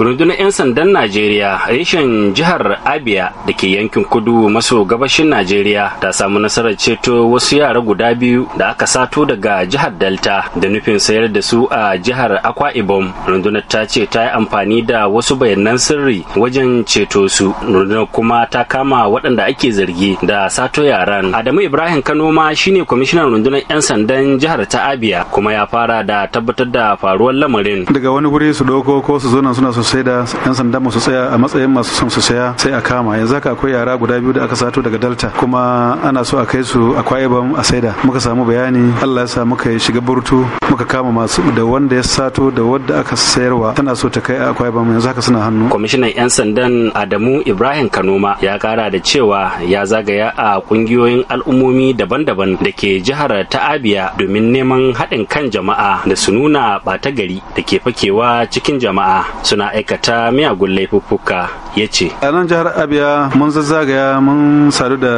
rundunar 'yan sandan najeriya reshen jihar abia da ke yankin kudu maso gabashin najeriya ta samu nasarar ceto wasu yara guda biyu da aka sato daga jihar delta da nufin sayar da su a jihar akwa ibom rundunar ta ce ta yi amfani da wasu bayanan sirri wajen ceto su rundunar kuma ta kama waɗanda ake zargi da sato yaran adamu ibrahim kano ma shine kwamishinan rundunar 'yan sandan jihar ta abia kuma ya fara da tabbatar da faruwar lamarin daga wani wuri su ɗauko ko su zo nan suna su sai da yan sanda su tsaya a matsayin masu son su saya sai a kama yanzu haka akwai yara guda biyu da aka sato daga Delta kuma ana so a kai su a Kwaibam a saida muka samu bayani Allah ya sa muka shiga burtu muka kama masu da wanda ya sato da wanda aka sayarwa tana so ta kai a Kwaibam yanzu haka suna hannu kwamishinan yan sandan Adamu Ibrahim Kanoma ya kara da cewa ya zagaya a kungiyoyin al'ummomi daban-daban da ke jihar ta'abiya domin neman haɗin kan jama'a da su nuna ɓata gari da ke fakewa cikin jama'a suna ma'aikata miyagun laifuffuka ya ce a nan jihar abia mun zazzagaya mun sadu da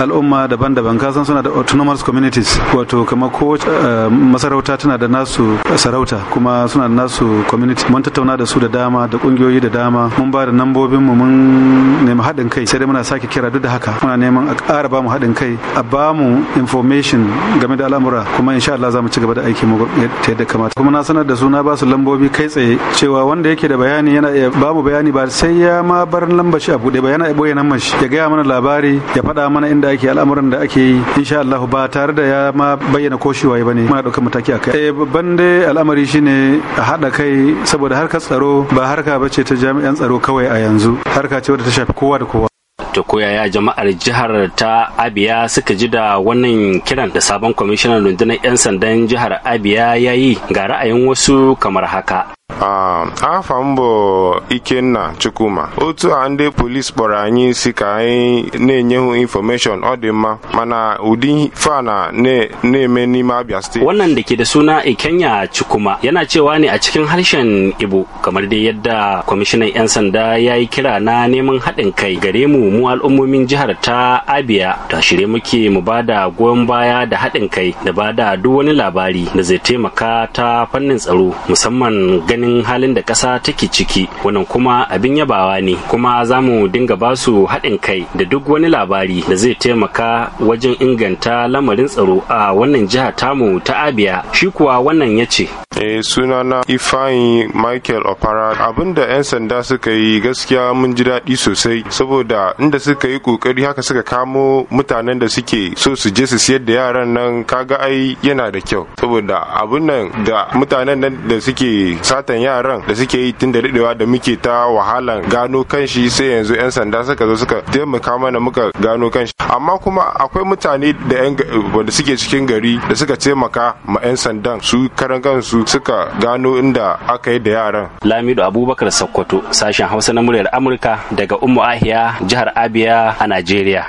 al'umma daban-daban kasan suna da autonomous communities wato kamar kowace eh, masarauta tana da nasu sarauta kuma suna da nasu community mun tattauna da su da dama da kungiyoyi da dama mun ba da nambobin mu mun nemi haɗin kai sai dai muna sake kira duk da haka muna neman a ƙara ba mu haɗin kai a ba mu information game da al'amura kuma insha Allah za mu ci gaba da aiki mu yadda kamata kuma na sanar da su na ba su lambobi kai tsaye cewa wanda yake da bayani yana iya babu bayani ba sai ya ma bar lamba shi a buɗe ba yana iya boye nan shi ya gaya mana labari ya faɗa mana inda ake al'amuran da ake yi insha Allah ba tare da ya ma bayyana ko shi waye bane muna ɗaukar mataki akai eh babban dai al'amari shine a haɗa kai saboda harkar tsaro ba harka bace ta jami'an tsaro kawai a yanzu harka ce wadda ta shafi kowa da kowa ta ya jama'ar jihar ta abiya suka ji da wannan kiran da sabon kwamishinan rundunar 'yan sandan jihar abia ya yi ga ra'ayin wasu kamar haka afọ m bụ ikenna chukwuma otu a ndị polis kpọrọ anyị si ka anyị na-enyehu infọmeshọn ọ dị mma mana ụdị fana na-eme n'ime abịa steeti wannan da ke da suna ikenya chukwuma yana cewa ne a cikin harshen ibo kamar dai yadda kwamishinan 'yan sanda ya yi kira na neman haɗin kai gare mu mu al'ummomin jihar ta abia ta shirye muke mu ba da goyon baya da haɗin kai da ba da duk wani labari da zai taimaka ta fannin tsaro musamman ganin halin da ƙasa take ciki wannan kuma abin yabawa ne kuma za mu dinga ba su haɗin kai da duk wani labari da zai taimaka wajen inganta lamarin tsaro a wannan jiha tamu ta abiya shi kuwa wannan ya ce suna eh, sunana ifayin Michael Opara abinda 'yan sanda suka yi gaskiya mun ji daɗi sosai saboda inda suka yi kokari haka suka kamo mutanen da suke so su je su siyar da yaran nan kaga ai yana da kyau saboda abin nan da mutanen nan da suke satan yaran da suke yi tun da daɗewa da muke ta wahalan gano kanshi sai yanzu 'yan sanda suka zo suka taimaka mana muka gano kanshi amma kuma akwai mutane da wanda suke cikin gari da suka taimaka ma 'yan sandan su karan kansu suka gano inda aka yi da yaran lamido abubakar sakkwato sashen hausa na muryar amurka daga Umu ahiya jihar abia a najeriya